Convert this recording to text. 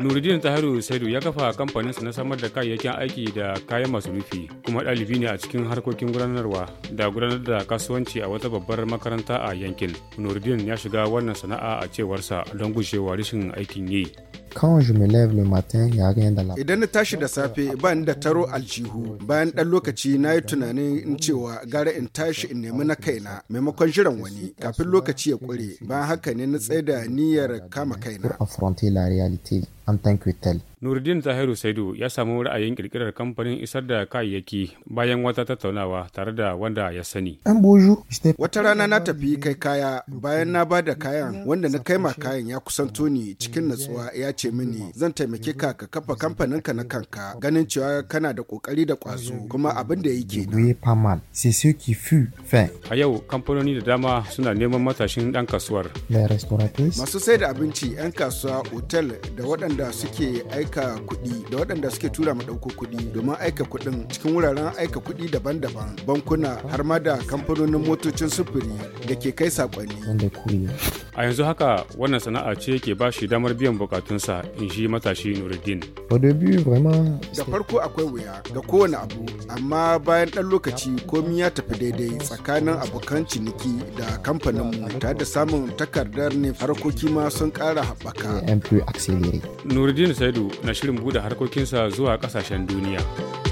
Nuruddin Tahiru Saidu ya kafa kamfaninsa na samar da kayayyakin aiki da kayan masu rufi kuma ɗalibi ne a cikin harkokin gudanarwa da gudanar da kasuwanci a wata babbar makaranta a yankin. Nuruddin ya shiga wannan sana'a a cewarsa don gushewa rashin aikin yi. Quand je me lève le matin, y a rien dans la Idan na tashi da safe ba ni da taro aljihu. Bayan ɗan lokaci na yi tunanin in cewa gara in tashi in nemi na kaina maimakon jiran wani kafin lokaci ya ƙure. Bayan haka ne na tsaye da niyyar kama kaina. Pour affronter la réalité en tant que telle. Nuruddin Zahiru Saidu ya samu ra'ayin kirkirar kamfanin isar da kayayyaki bayan wata tattaunawa tare da wanda ya sani. Wata rana na tafi kai kaya bayan na ba da kayan wanda na kai ma kayan ya kusanto ni cikin natsuwa ya ce mini zan taimake ka ka kafa kamfanin ka na kanka ganin cewa kana da kokari da kwazo kuma abin da yake A yau kamfanoni da dama suna neman matashin ɗan kasuwar. Masu sai da abinci 'yan kasuwa otal da waɗanda suke aiki aika kuɗi da waɗanda suke tura mu ɗauko kuɗi domin aika kuɗin cikin wuraren aika kuɗi daban-daban bankuna har ma da kamfanonin motocin sufuri da ke kai saƙonni. a yanzu haka wannan sana'a ce ke ba shi damar biyan bukatunsa in shi matashi nuruddin da farko akwai wuya ga kowane abu amma bayan ɗan lokaci komi ya tafi daidai tsakanin abokan ciniki da kamfaninmu tare da samun takardar ne harkoki ma sun ƙara haɓaka nuruddin saidu na shirin buɗe harkokinsa zuwa ƙasashen duniya